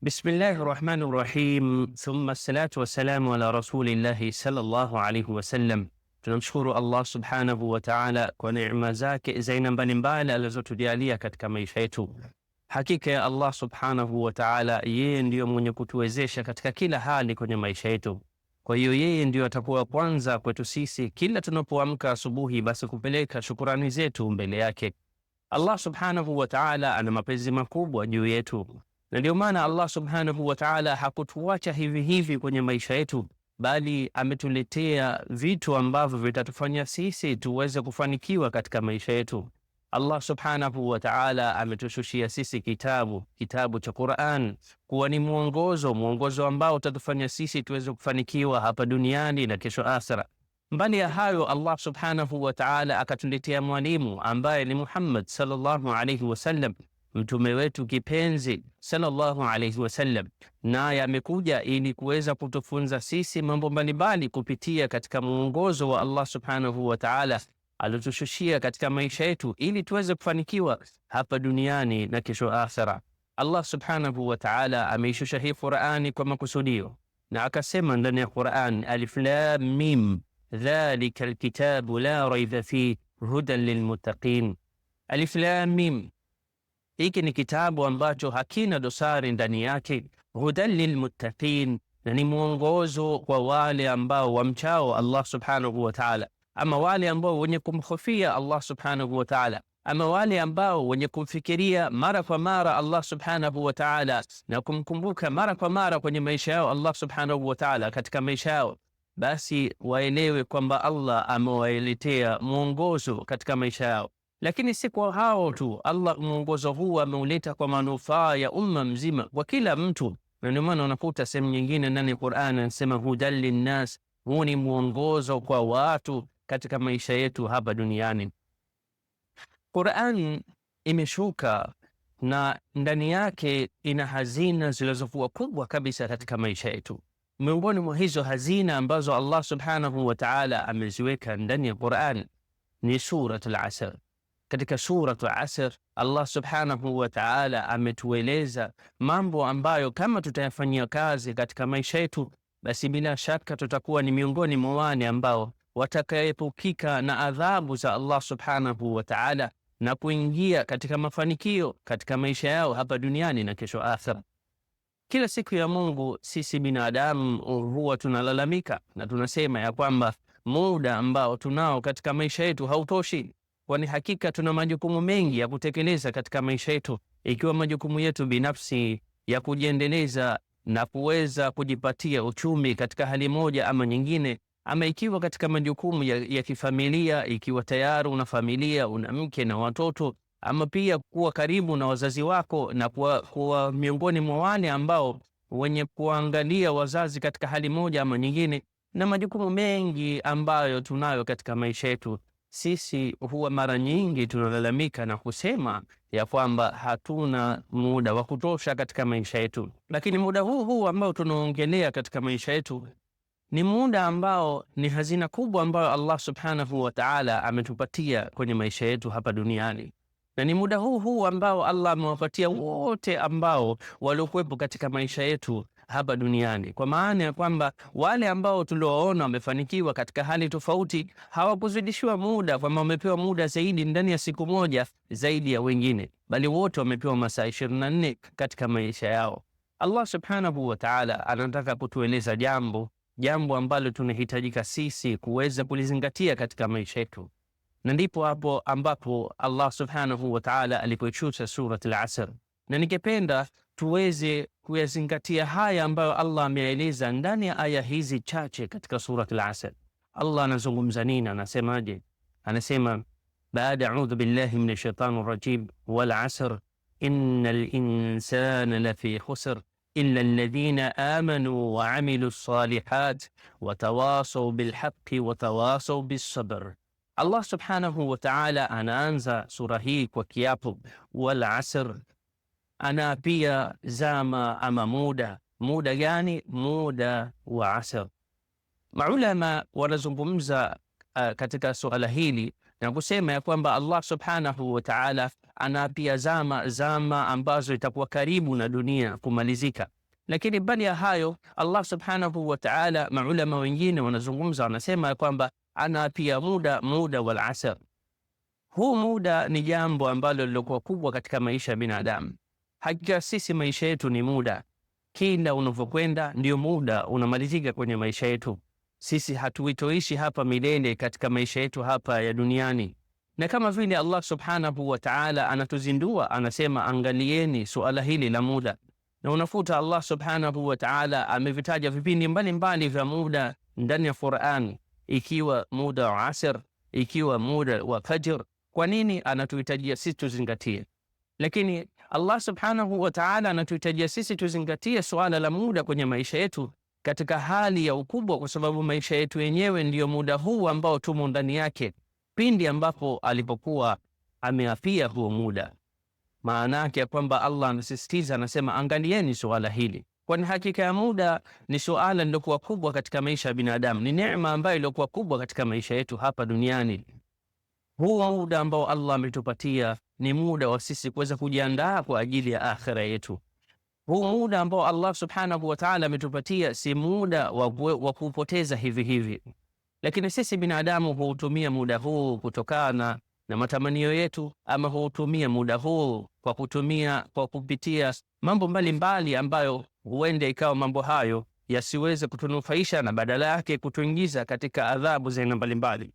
Bismillahi rahmani rahim, thumma salatu wassalamu ala rasulillahi sallallahu alayhi wasallam. Tunamshukuru Allah subhanahu wa ta'ala kwa neema zake za aina mbalimbali alizotujalia katika maisha yetu. Hakika ya Allah subhanahu wa ta'ala, yeye ndiyo mwenye kutuwezesha katika kila hali kwenye maisha yetu. Kwa hiyo yeye ndio atakuwa kwanza kwetu sisi kila tunapoamka asubuhi, basi kupeleka shukurani zetu mbele yake. Allah subhanahu wataala ana mapenzi makubwa juu yetu na ndio maana Allah subhanahu wa ta'ala hakutuacha hivi hivi kwenye maisha yetu, bali ametuletea vitu ambavyo vitatufanya sisi tuweze kufanikiwa katika maisha yetu. Allah subhanahu wa ta'ala ametushushia sisi kitabu, kitabu cha Qur'an kuwa ni mwongozo, mwongozo ambao utatufanya sisi tuweze kufanikiwa hapa duniani na kesho akhera. Mbali ya hayo, Allah subhanahu wa ta'ala akatuletea mwalimu ambaye ni Muhammad sallallahu alayhi wasallam mtume wetu kipenzi sallallahu alaihi wasallam, naye amekuja ili kuweza kutufunza sisi mambo mbalimbali kupitia katika mwongozo wa Allah subhanahu wa ta'ala aliotushushia katika maisha yetu, ili tuweze kufanikiwa hapa duniani na kesho akhera. Allah subhanahu wa ta'ala ameishusha hii Qur'ani kwa makusudio, na akasema ndani ya Qur'an, alif lam mim dhalika alkitabu la raiba fi hudan lilmuttaqin. Alif lam mim hiki ni kitabu ambacho hakina dosari ndani yake, hudan lilmuttaqin, na ni mwongozo kwa wale ambao wamchao Allah subhanahu wa ta'ala, ama wale ambao wenye kumhofia Allah subhanahu wa ta'ala, ama wale ambao wenye kumfikiria mara kwa mara Allah subhanahu wa ta'ala na kumkumbuka mara kwa mara kwenye maisha yao Allah subhanahu wa ta'ala, katika maisha yao basi waelewe kwamba Allah amewaletea mwongozo katika maisha yao. Lakini si kwa hao tu. Allah mwongozo huu ameuleta kwa manufaa ya umma mzima, kwa kila mtu. Ndio maana unakuta sehemu nyingine ndani ya Qur'an anasema hudan linnas, huu ni mwongozo kwa watu katika maisha yetu hapa duniani. Qur'an imeshuka na ndani yake ina hazina zilizokuwa kubwa kabisa katika maisha yetu. Miongoni mwa hizo hazina ambazo Allah subhanahu wa ta'ala ameziweka ndani ya Qur'an ni suratul Asr katika Suratu Asr Allah subhanahu wa taala ametueleza mambo ambayo kama tutayafanyia kazi katika maisha yetu, basi bila shaka tutakuwa ni miongoni mwa wale ambao watakaepukika na adhabu za Allah subhanahu wa taala na kuingia katika mafanikio katika maisha yao hapa duniani na kesho akhera. Kila siku ya Mungu sisi binadamu huwa tunalalamika na tunasema ya kwamba muda ambao tunao katika maisha yetu hautoshi kwani hakika tuna majukumu mengi ya kutekeleza katika maisha yetu, ikiwa majukumu yetu binafsi ya kujiendeleza na kuweza kujipatia uchumi katika hali moja ama nyingine, ama ikiwa katika majukumu ya, ya kifamilia, ikiwa tayari una familia, una mke na watoto, ama pia kuwa karibu na wazazi wako na kuwa, kuwa miongoni mwa wale ambao wenye kuangalia wazazi katika hali moja ama nyingine, na majukumu mengi ambayo tunayo katika maisha yetu sisi huwa mara nyingi tunalalamika na kusema ya kwamba hatuna muda wa kutosha katika maisha yetu, lakini muda huu huu ambao tunaongelea katika maisha yetu ni muda ambao ni hazina kubwa ambayo Allah subhanahu wa ta'ala ametupatia kwenye maisha yetu hapa duniani, na ni muda huu huu ambao Allah amewapatia wote ambao waliokuwepo katika maisha yetu hapa duniani, kwa maana ya kwamba wale ambao tuliowaona wamefanikiwa katika hali tofauti hawakuzidishiwa muda, kwamba wamepewa muda zaidi ndani ya siku moja zaidi ya wengine, bali wote wamepewa masaa 24 katika maisha yao. Allah subhanahu wa ta'ala anataka kutueleza jambo jambo ambalo tunahitajika sisi kuweza kulizingatia katika maisha yetu, na ndipo hapo ambapo Allah subhanahu wa ta'ala alipoichuta Surat al-Asr na ningependa tuweze kuyazingatia haya ambayo Allah ameeleza ndani ya aya hizi chache katika Surat al asr Allah anazungumza nini? Anasemaje? Anasema baada audhu billahi min shaitani rajim, wal asr inna linsana lafi khusr illa alladhina amanu wa amilu salihat watawasau bilhaqi watawasau bisabr. Allah subhanahu wa ta'ala anaanza sura hii kwa kiapo wal asr anapia zama ama muda. Muda gani? Muda wa asr. Maulama wanazungumza uh, katika suala hili na kusema ya kwamba Allah subhanahu wa ta'ala anapia zama, zama ambazo itakuwa karibu na dunia kumalizika. Lakini bali ya hayo Allah subhanahu wa ta'ala, maulama wengine wanazungumza wanasema ya kwamba anapia muda, muda wal asr. Huu muda ni jambo ambalo lilokuwa kubwa katika maisha ya binadamu. Hakika sisi maisha yetu ni muda, kila unavyokwenda ndio muda unamalizika kwenye maisha yetu. Sisi hatuitoishi hapa milele katika maisha yetu hapa ya duniani, na kama vile Allah subhanahu wa ta'ala anatuzindua, anasema angalieni suala hili la muda na unafuta. Allah subhanahu wa ta'ala amevitaja vipindi mbalimbali vya muda ndani ya Qur'an, ikiwa muda wa asr, ikiwa muda wa fajr. Kwa nini anatuhitajia sisi tuzingatie? Lakini Allah subhanahu wa ta'ala anatuhitajia sisi tuzingatie suala la muda kwenye maisha yetu katika hali ya ukubwa, kwa sababu maisha yetu yenyewe ndiyo muda huu ambao tumo ndani yake, pindi ambapo alipokuwa ameafia huo muda. Maana yake ya kwamba Allah anasisitiza, anasema angalieni suala hili, kwani hakika ya muda ni suala lilokuwa kubwa katika maisha ya binadamu, ni neema ambayo iliokuwa kubwa katika maisha yetu hapa duniani huu muda ambao Allah ametupatia ni muda wa sisi kuweza kujiandaa kwa ajili ya akhira yetu. Huu muda ambao Allah subhanahu wa ta'ala ametupatia si muda wa kupoteza hivi hivi, lakini sisi binadamu huutumia muda huu kutokana na matamanio yetu, ama huutumia muda huu kwa kutumia kwa kupitia mambo mbalimbali mbali ambayo huende ikawa mambo hayo yasiweze kutunufaisha na badala yake kutuingiza katika adhabu za aina mbalimbali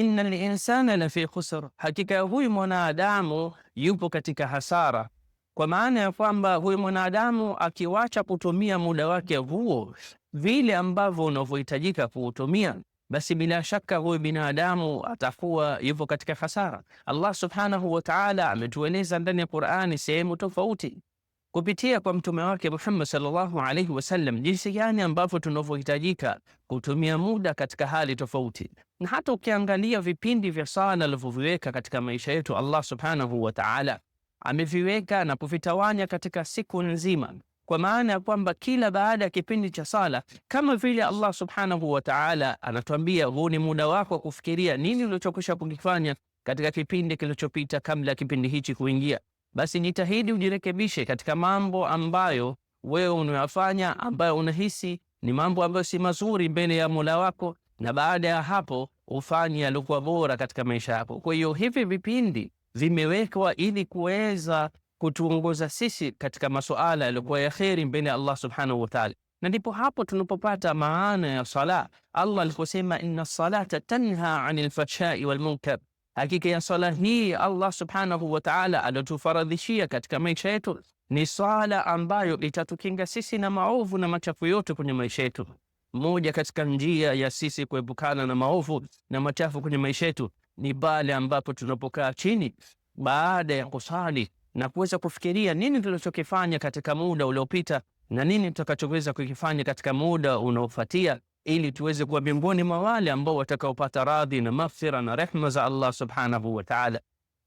inna linsana lafi khusr, hakika ya huyu mwanadamu yupo katika hasara. Kwa maana ya kwamba huyu mwanadamu akiwacha kutumia muda wake huo vile ambavyo unavyohitajika kuutumia, basi bila shaka huyu binadamu atakuwa yupo katika hasara. Allah subhanahu wa ta'ala ametueleza ndani ya Qur'ani sehemu tofauti kupitia kwa mtume wake Muhammad sallallahu alaihi wasallam, jinsi gani ambavyo tunavyohitajika kutumia muda katika hali tofauti. Na hata ukiangalia vipindi vya sala alivyoviweka katika maisha yetu, Allah subhanahu wa ta'ala ameviweka na kuvitawanya katika siku nzima, kwa maana ya kwamba kila baada ya kipindi cha sala, kama vile Allah subhanahu wa ta'ala anatuambia, huu ni muda wako wa kufikiria nini ulichokwisha kukifanya katika kipindi kilichopita kabla ya kipindi hichi kuingia basi jitahidi ujirekebishe katika mambo ambayo wewe unayafanya, ambayo unahisi ni mambo ambayo si mazuri mbele ya Mola wako, na baada ya hapo ufanye yaliokuwa bora katika maisha yako. Kwa hiyo hivi vipindi vimewekwa ili kuweza kutuongoza sisi katika masuala yaliokuwa ya kheri mbele ya Allah subhanahu wataala na ndipo hapo tunapopata maana ya sala. Allah aliposema inna salata tanha anil fahshai walmunkar Hakika ya swala hii Allah subhanahu wa ta'ala aliotufaradhishia katika maisha yetu ni swala ambayo itatukinga sisi na maovu na machafu yote kwenye maisha yetu. Moja katika njia ya sisi kuepukana na maovu na machafu kwenye maisha yetu ni pale ambapo tunapokaa chini baada ya kusali na kuweza kufikiria nini tunachokifanya katika muda uliopita na nini tutakachoweza kukifanya katika muda unaofuatia ili tuweze kuwa miongoni mwa wale ambao watakaopata radhi na maghfira na rehma za Allah subhanahu wa ta'ala.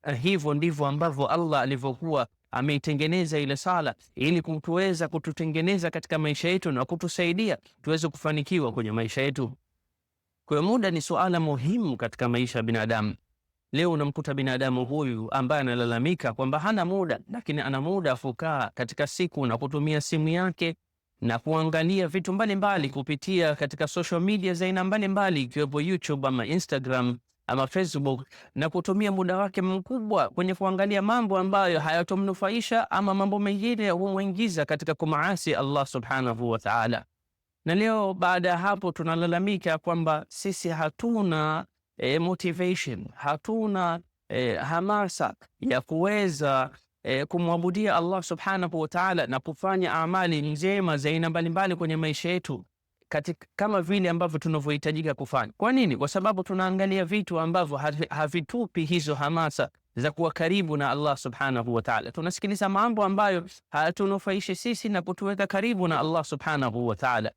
Eh, hivyo ndivyo ambavyo Allah alivyokuwa ameitengeneza ile sala ili kutuweza kututengeneza katika maisha yetu na kutusaidia tuweze kufanikiwa kwenye maisha yetu. Kwa muda ni suala muhimu katika maisha ya binadamu. Leo unamkuta binadamu huyu ambaye analalamika kwamba hana muda, lakini ana muda afukaa katika siku na kutumia simu yake na kuangalia vitu mbalimbali mbali kupitia katika social media za aina mbalimbali ikiwepo YouTube ama Instagram ama Facebook, na kutumia muda wake mkubwa kwenye kuangalia mambo ambayo hayatomnufaisha ama mambo mengine humwingiza katika kumaasi Allah subhanahu wa ta'ala. Na leo baada ya hapo tunalalamika kwamba sisi hatuna eh, motivation hatuna eh, hamasa ya kuweza e, kumwabudia Allah subhanahu wa ta'ala na kufanya amali njema za aina mbalimbali kwenye maisha yetu katika, kama vile ambavyo tunavyohitajika kufanya. Kwa nini? Kwa sababu tunaangalia vitu ambavyo havitupi hizo hamasa za kuwa karibu na Allah subhanahu wa ta'ala. Tunasikiliza mambo ambayo hayatunufaishi sisi na kutuweka karibu na Allah subhanahu wa ta'ala.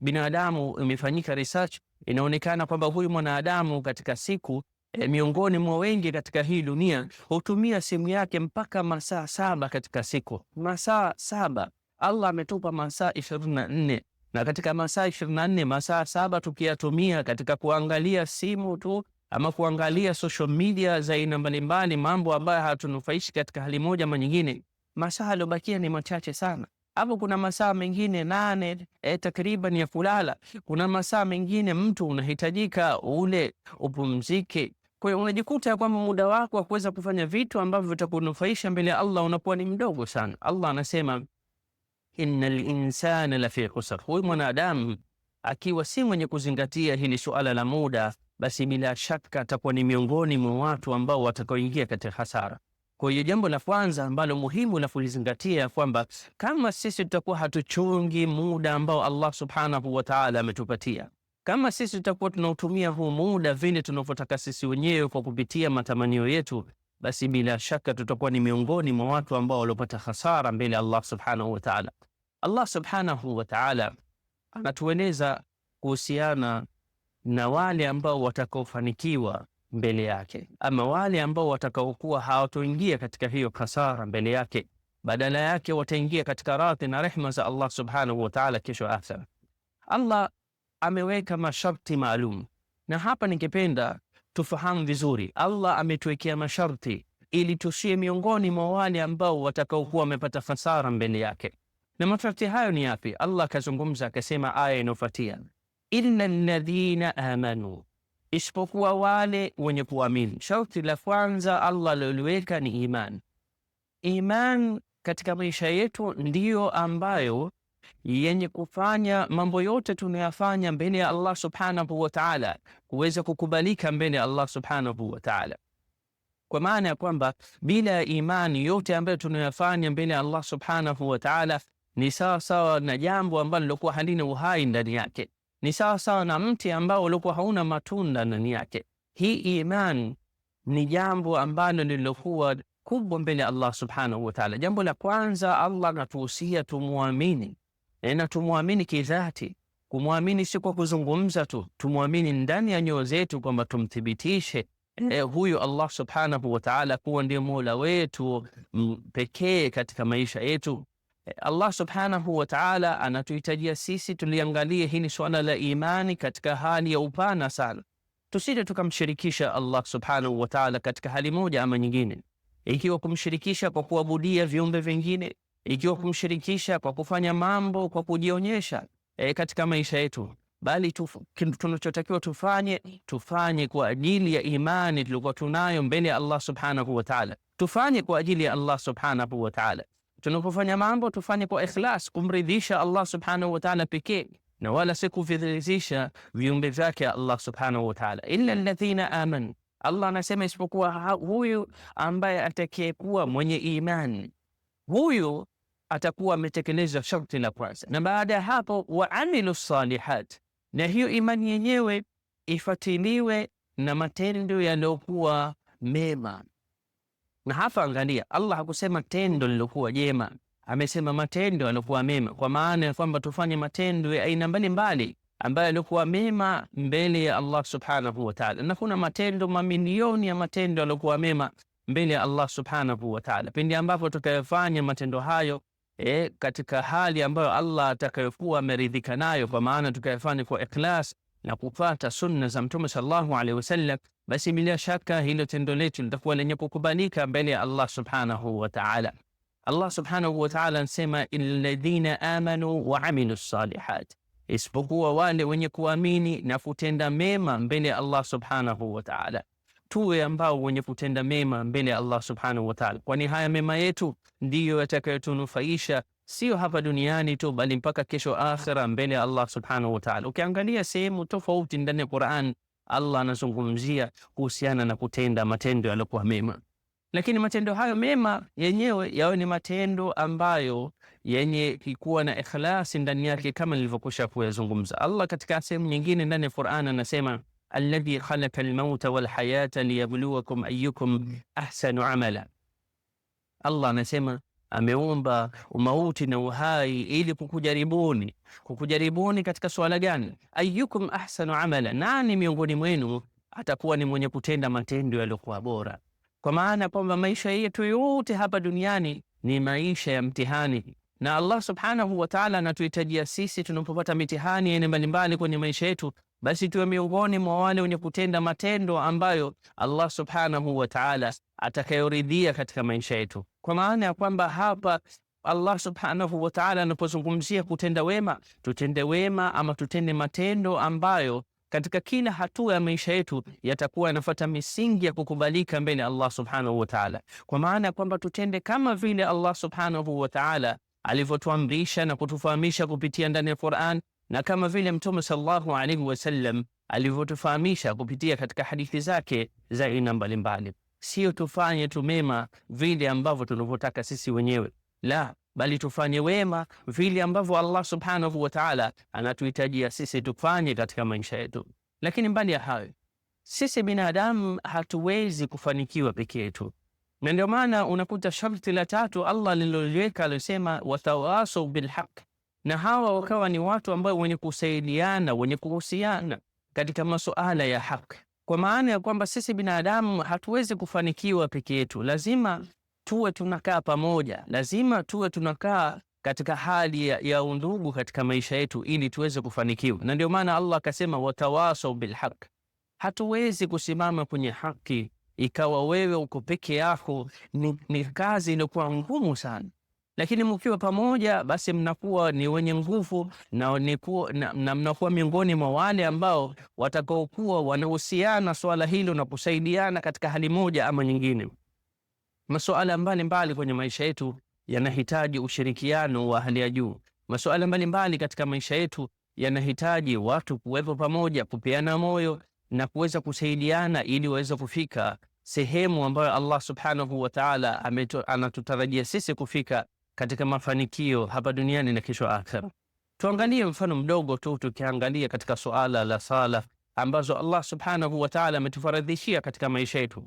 Binadamu, imefanyika research, inaonekana kwamba huyu mwanadamu katika siku e, miongoni mwa wengi katika hii dunia hutumia simu yake mpaka masaa saba katika siku, masaa saba. Allah ametupa masaa ishirini na nne na katika masaa ishirini na nne masaa saba tukiyatumia katika kuangalia simu tu ama kuangalia social media za aina mbalimbali, mambo ambayo hatunufaishi katika hali moja ama nyingine, masaa aliyobakia ni machache sana. Hapo kuna masaa mengine nane e, takriban ya kulala. Kuna masaa mengine mtu unahitajika ule upumzike. Kwa hiyo unajikuta kwamba muda wako wa kuweza kufanya vitu ambavyo vitakunufaisha mbele ya Allah unakuwa ni mdogo sana. Allah anasema innal insana lafi khusr, huyu mwanadamu akiwa si mwenye kuzingatia hili suala la muda, basi bila shaka atakuwa ni miongoni mwa watu ambao watakaoingia katika hasara. Kwa hiyo jambo la kwanza ambalo muhimu la kulizingatia kwamba kama sisi tutakuwa hatuchungi muda ambao Allah subhanahu wa ta'ala ametupatia, kama sisi tutakuwa tunautumia huu muda vile tunavyotaka sisi wenyewe kwa kupitia matamanio yetu, basi bila shaka tutakuwa ni miongoni mwa watu ambao waliopata hasara mbele ya Allah subhanahu wa ta'ala. Allah subhanahu wa ta'ala anatueleza kuhusiana na wale ambao watakaofanikiwa mbele yake. Ama wale ambao watakaokuwa hawatoingia katika hiyo kasara mbele yake, badala yake wataingia katika radhi na rehma za Allah subhanahu wa ta'ala kesho akhera. Allah ameweka masharti maalum, na hapa ningependa tufahamu vizuri. Allah ametuwekea masharti ili tusiwe miongoni mwa wale ambao watakaokuwa wamepata khasara mbele yake. Na masharti hayo ni yapi? Allah akazungumza akasema, aya inayofuatia, illa alladhina amanu isipokuwa wale wenye kuamini. Sharti la kwanza Allah aliloweka ni iman. Iman katika maisha yetu ndiyo ambayo yenye kufanya mambo yote tunayafanya mbele ya Allah subhanahu wa ta'ala kuweza kukubalika mbele ya Allah subhanahu wa ta'ala, kwa maana ya kwamba bila ya imani yote ambayo tunayafanya mbele ya Allah subhanahu wa ta'ala ni sawa sawa na jambo ambalo lilikuwa halina uhai ndani yake ni sawa sawa na mti ambao ulikuwa hauna matunda ndani yake. Hii imani ni jambo ambalo lilikuwa kubwa mbele ya Allah subhanahu wa ta'ala. Jambo la kwanza, Allah anatuhusia tumwamini eh, na tumwamini kidhati. Kumwamini si kwa kuzungumza tu, tumwamini ndani ya nyoyo zetu kwamba tumthibitishe eh, huyu Allah subhanahu wa ta'ala kuwa ndiye mola wetu mm, pekee katika maisha yetu. Allah subhanahu wa ta'ala anatuhitajia sisi tuliangalie hili swala la imani katika hali ya upana sana, tusije tukamshirikisha Allah subhanahu wa ta'ala katika hali moja ama nyingine, ikiwa kumshirikisha kwa kuabudia viumbe vingine, ikiwa kumshirikisha kwa kufanya mambo kwa kujionyesha e, katika maisha yetu, bali tunachotakiwa tufanye tufanye kwa ajili ya imani tuliokuwa tunayo mbele ya Allah subhanahu wa ta'ala, tufanye kwa ajili ya Allah subhanahu wa ta'ala tunapofanya mambo tufanye kwa ikhlas kumridhisha Allah subhanahu wa ta'ala pekee na wala si kuviridhisha viumbe vyake Allah subhanahu wa ta'ala. Illa alladhina amanu, Allah anasema isipokuwa huyu ambaye atakayekuwa mwenye imani, huyu atakuwa ametekeleza sharti la kwanza, na baada ya hapo waamilu salihat, na hiyo imani yenyewe ifatiliwe na matendo yaliyokuwa mema. Na hapa angalia, Allah hakusema tendo lilokuwa jema, amesema matendo yaliokuwa mema, kwa maana ya kwamba tufanye matendo ya aina mbalimbali ambayo yaliokuwa mema mbele ya Allah subhanahu wa taala. Na kuna matendo, mamilioni ya matendo yaliokuwa mema mbele ya Allah subhanahu wa taala, pindi ambapo tukayofanya matendo hayo e, katika hali ambayo Allah atakayokuwa ameridhika nayo, kwa maana tukayafanya kwa ikhlas na kufuata sunna za Mtume sallallahu alaihi wasallam, basi bila shaka hilo tendo letu litakuwa lenye kukubalika mbele ya Allah subhanahu wa ta'ala. Allah subhanahu wa ta'ala anasema alladhina amanu wa amilu salihat, isipokuwa wale wenye kuamini na kutenda mema mbele ya Allah subhanahu wa ta'ala tuwe ambao wenye kutenda mema mbele ya Allah subhanahu wa ta'ala, kwani haya mema yetu ndiyo yatakayotunufaisha sio hapa duniani tu, bali mpaka kesho akhira, mbele ya Allah subhanahu wa ta'ala. Ukiangalia sehemu tofauti ndani ya Qur'an, Allah anazungumzia kuhusiana na kutenda matendo yaliyokuwa mema, lakini matendo hayo mema yenyewe yawe ni matendo ambayo yenye kikuwa na ikhlasi ndani yake, kama nilivyokwisha kuyazungumza. Allah katika sehemu nyingine ndani ya Qur'an anasema الذي خلق الموت والحياة ليبلوكم أيكم أحسن عملا Allah anasema ameumba umauti na uhai ili kukujaribuni. Kukujaribuni katika suala gani? Ayyukum ahsanu amala, nani miongoni mwenu atakuwa ni mwenye kutenda matendo yaliyokuwa bora. Kwa maana kwamba maisha yetu yote hapa duniani ni maisha ya mtihani, na Allah subhanahu wa anatuhitajia sisi tunapopata mitihani aina mbalimbali kwenye maisha yetu basi tuwe miongoni mwa wale wenye kutenda matendo ambayo Allah subhanahu wa ta'ala atakayoridhia katika maisha yetu, kwa maana ya kwamba hapa Allah subhanahu wa ta'ala anapozungumzia kutenda wema, tutende wema ama tutende matendo ambayo katika kila hatua ya maisha yetu yatakuwa yanafuata misingi ya kukubalika mbele Allah subhanahu wa ta'ala, kwa maana ya kwamba tutende kama vile Allah subhanahu wa ta'ala alivyotuamrisha na kutufahamisha kupitia ndani ya Qur'an na kama vile Mtume sallallahu alaihi wasallam alivyotufahamisha kupitia katika hadithi zake za aina mbalimbali, sio tufanye tu mema vile ambavyo tunavyotaka sisi wenyewe, la bali tufanye wema vile ambavyo Allah subhanahu wa ta'ala anatuhitajia sisi tufanye katika maisha yetu. Lakini mbali ya hayo, sisi binadamu hatuwezi kufanikiwa peke yetu, na ndio maana unakuta sharti la tatu Allah lililoweka alisema, watawasau bilhaq na hawa wakawa ni watu ambao wenye kusaidiana, wenye kuhusiana katika masuala ya haki, kwa maana ya kwamba sisi binadamu hatuwezi kufanikiwa peke yetu, lazima mm. tuwe tunakaa pamoja, lazima tuwe tunakaa katika hali ya, ya undugu katika maisha yetu ili tuweze kufanikiwa. Na ndio maana Allah akasema watawasau bilhaq. Hatuwezi kusimama kwenye haki ikawa wewe uko peke yako, ni, ni kazi inakuwa ngumu sana lakini mkiwa pamoja, basi mnakuwa ni wenye nguvu na, na, na mnakuwa miongoni mwa wale ambao watakaokuwa wanahusiana swala hilo na kusaidiana katika hali moja ama nyingine. Masuala mbalimbali kwenye maisha yetu yanahitaji ushirikiano wa hali ya juu. Masuala mbalimbali katika maisha yetu yanahitaji watu kuwepo pamoja, kupeana moyo na kuweza kusaidiana ili waweze kufika sehemu ambayo Allah subhanahu wa ta'ala anatutarajia sisi kufika katika mafanikio hapa duniani na kesho akhera. Tuangalie mfano mdogo tu, tukiangalia katika suala la sala ambazo Allah subhanahu wa ta'ala ametufaradhishia katika maisha yetu.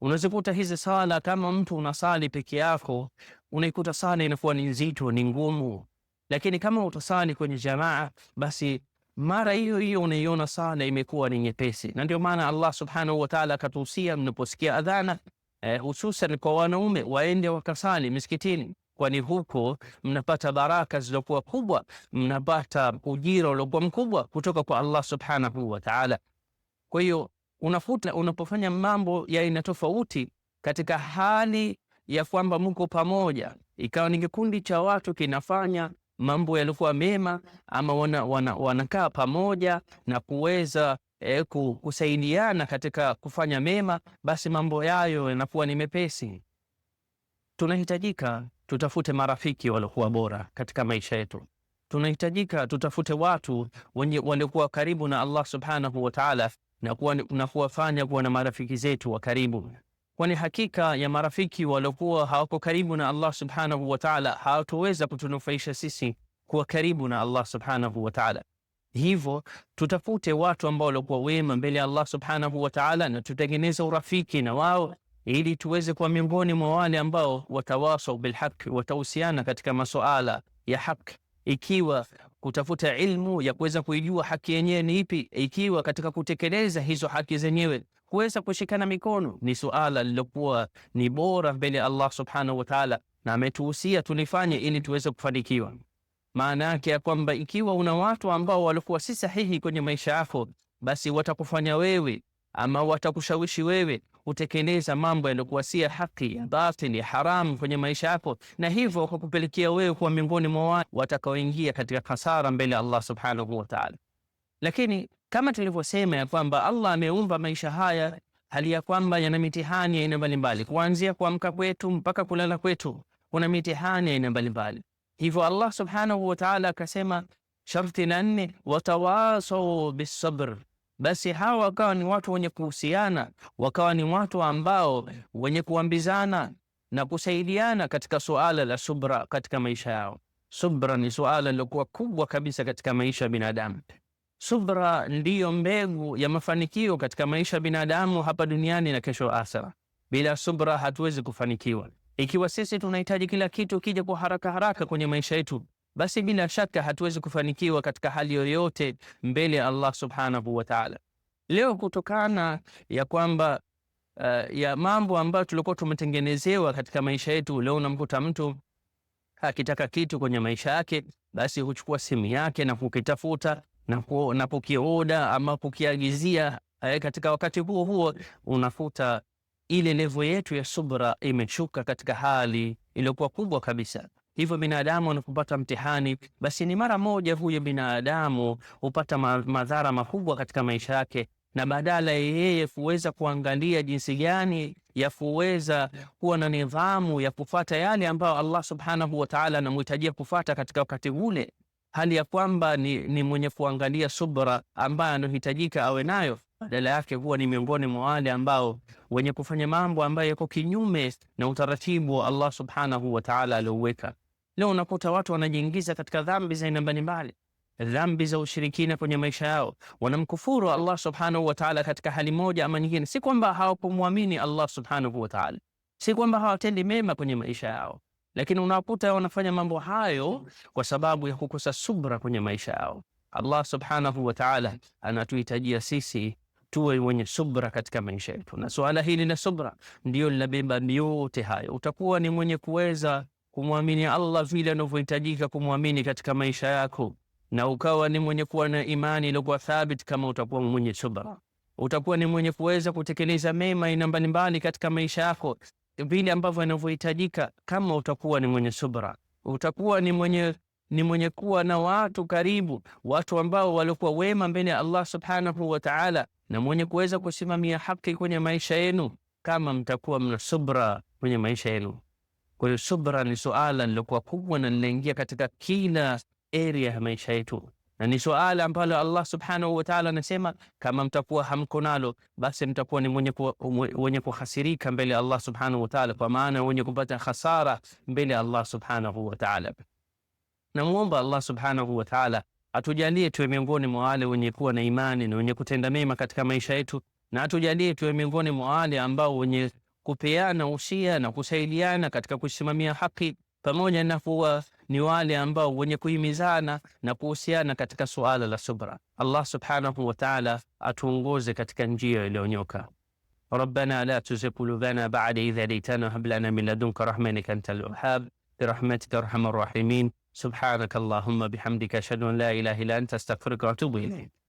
Unazikuta hizi sala, kama mtu unasali peke yako, unaikuta sala inakuwa ni nzito, ni ngumu, lakini kama utasali kwenye jamaa, basi mara hiyo hiyo unaiona sala imekuwa ni nyepesi. Na ndio maana Allah subhanahu wa ta'ala akatuhusia mnaposikia adhana, eh, hususan eh, kwa wanaume waende wakasali misikitini kwani huko mnapata baraka zilizokuwa kubwa, mnapata ujira uliokuwa mkubwa kutoka kwa Allah subhanahu wa ta'ala. Kwa hiyo unafuta, unapofanya mambo ya aina tofauti katika hali ya kwamba mko pamoja, ikawa ni kikundi cha watu kinafanya mambo yalikuwa mema ama wanakaa wana, wana pamoja na kuweza e, kusaidiana katika kufanya mema, basi mambo yayo yanakuwa ni mepesi. Tunahitajika tutafute marafiki waliokuwa bora katika maisha yetu. Tunahitajika tutafute watu wenye waliokuwa karibu na Allah subhanahu wa ta'ala, na kuwafanya kuwa na marafiki zetu wa karibu, kwani hakika ya marafiki waliokuwa hawako karibu na Allah subhanahu wa ta'ala hawatoweza kutunufaisha sisi kuwa karibu na Allah subhanahu wa ta'ala. Hivyo tutafute watu ambao walikuwa wema mbele ya Allah subhanahu wa ta'ala, na tutengeneze urafiki na wao ili tuweze kuwa miongoni mwa wale ambao watawasau bilhaq, watahusiana katika masuala ya haq, ikiwa kutafuta ilmu ya kuweza kuijua haki yenyewe ni ipi, ikiwa katika kutekeleza hizo haki zenyewe kuweza kushikana mikono ni suala lilokuwa ni bora mbele ya Allah subhanahu wa ta'ala, na ametuhusia tulifanye ili tuweze kufanikiwa. Maana yake ya kwamba ikiwa una watu ambao walikuwa si sahihi kwenye maisha yako, basi watakufanya wewe ama watakushawishi wewe kutekeleza mambo yaliyokuwa si ya haki ya batili ya haramu kwenye maisha yako, na hivyo kwa kupelekea wewe kuwa miongoni mwa watu watakaoingia katika hasara mbele ya Allah subhanahu wa ta'ala. Lakini kama tulivyosema ya kwamba Allah ameumba maisha haya hali ya kwamba yana mitihani aina mbalimbali, kuanzia kuamka kwetu mpaka kulala kwetu kuna mitihani aina mbalimbali. Hivyo Allah subhanahu wa ta'ala akasema sharti la nne, watawasau bisabr basi hawa wakawa ni watu wenye kuhusiana, wakawa ni watu ambao wenye kuambizana na kusaidiana katika suala la subra katika maisha yao. Subra ni suala lilokuwa kubwa kabisa katika maisha ya binadamu. Subra ndiyo mbegu ya mafanikio katika maisha ya binadamu hapa duniani na kesho akhera. Bila subra hatuwezi kufanikiwa. Ikiwa sisi tunahitaji kila kitu kija kwa haraka haraka kwenye maisha yetu, basi bila shaka hatuwezi kufanikiwa katika hali yoyote mbele ya Allah subhanahu wa ta'ala. Leo kutokana ya kwamba uh, ya mambo ambayo tulikuwa tumetengenezewa katika maisha yetu, leo unamkuta mtu akitaka kitu kwenye maisha yake, basi huchukua simu yake na kukitafuta na, kukioda ama kukiagizia. Eh, katika wakati huo huo unafuta ile levo yetu ya subra imeshuka katika hali iliyokuwa kubwa kabisa. Hivyo binadamu anapopata mtihani, basi ni mara moja huyo binadamu hupata madhara makubwa katika maisha yake, na badala yeye kuweza kuangalia jinsi gani ya kuweza kuwa na nidhamu ya kufata yale ambayo Allah subhanahu wa ta'ala anamhitajia kufata katika wakati ule, hali ya kwamba ni, ni mwenye kuangalia subra ambayo anahitajika awe nayo badala yake huwa ni miongoni mwa wale ambao wenye kufanya mambo ambayo yako kinyume na utaratibu wa Allah subhanahu wa ta'ala alioweka. Leo unakuta watu wanajiingiza katika dhambi za aina mbalimbali, dhambi za ushirikina kwenye maisha yao, wanamkufuru Allah subhanahu wa ta'ala katika hali moja ama nyingine. Si kwamba hawapomwamini Allah subhanahu wa ta'ala, si kwamba hawatendi mema kwenye maisha yao, lakini unakuta wanafanya mambo hayo kwa sababu ya kukosa subra kwenye maisha yao. Allah subhanahu wa ta'ala anatuhitajia sisi tuwe wenye subra katika maisha yetu, na suala hili la subra ndio linabeba yote hayo. Utakuwa ni mwenye kuweza kumwamini Allah vile anavyohitajika kumwamini katika maisha yako, na ukawa ni mwenye kuwa na imani iliyokuwa thabit. Kama utakuwa mwenye subra, utakuwa ni mwenye kuweza kutekeleza mema aina mbalimbali katika maisha yako vile ambavyo yanavyohitajika. Kama utakuwa ni mwenye subra, utakuwa ni mwenye ni mwenye kuwa na watu karibu, watu ambao walikuwa wema mbele ya Allah subhanahu wa ta'ala, na mwenye kuweza kusimamia haki kwenye maisha yenu, kama mtakuwa mna subra kwenye maisha yenu. Kwa hiyo subra ni suala lilokuwa kubwa na linaingia katika kila area ya maisha yetu, na ni suala ambalo Allah subhanahu wa ta'ala anasema kama mtakuwa hamko nalo, basi mtakuwa ni wenye kuhasirika mbele ya Allah subhanahu wa ta'ala, kwa maana wenye kupata khasara mbele ya Allah subhanahu wa ta'ala. Namuomba Allah subhanahu wa ta'ala atujalie tuwe miongoni mwa wale wenye kuwa na imani na wenye kutenda mema katika maisha yetu, na atujalie tuwe miongoni mwa wale ambao wenye kupeana usia na kusaidiana katika kusimamia haki pamoja na kuwa ni wale ambao wenye kuhimizana na kuhusiana katika suala la subra. Allah subhanahu wa ta'ala atuongoze katika njia iliyonyoka. Rabbana la tuzigh qulubana ba'da idh hadaytana hab lana min ladunka rahmatan innaka antal wahhab birahmatika arhamar rahimin subhanaka allahumma bihamdika ashhadu an la ilaha illa anta astaghfiruka wa atubu ilayk.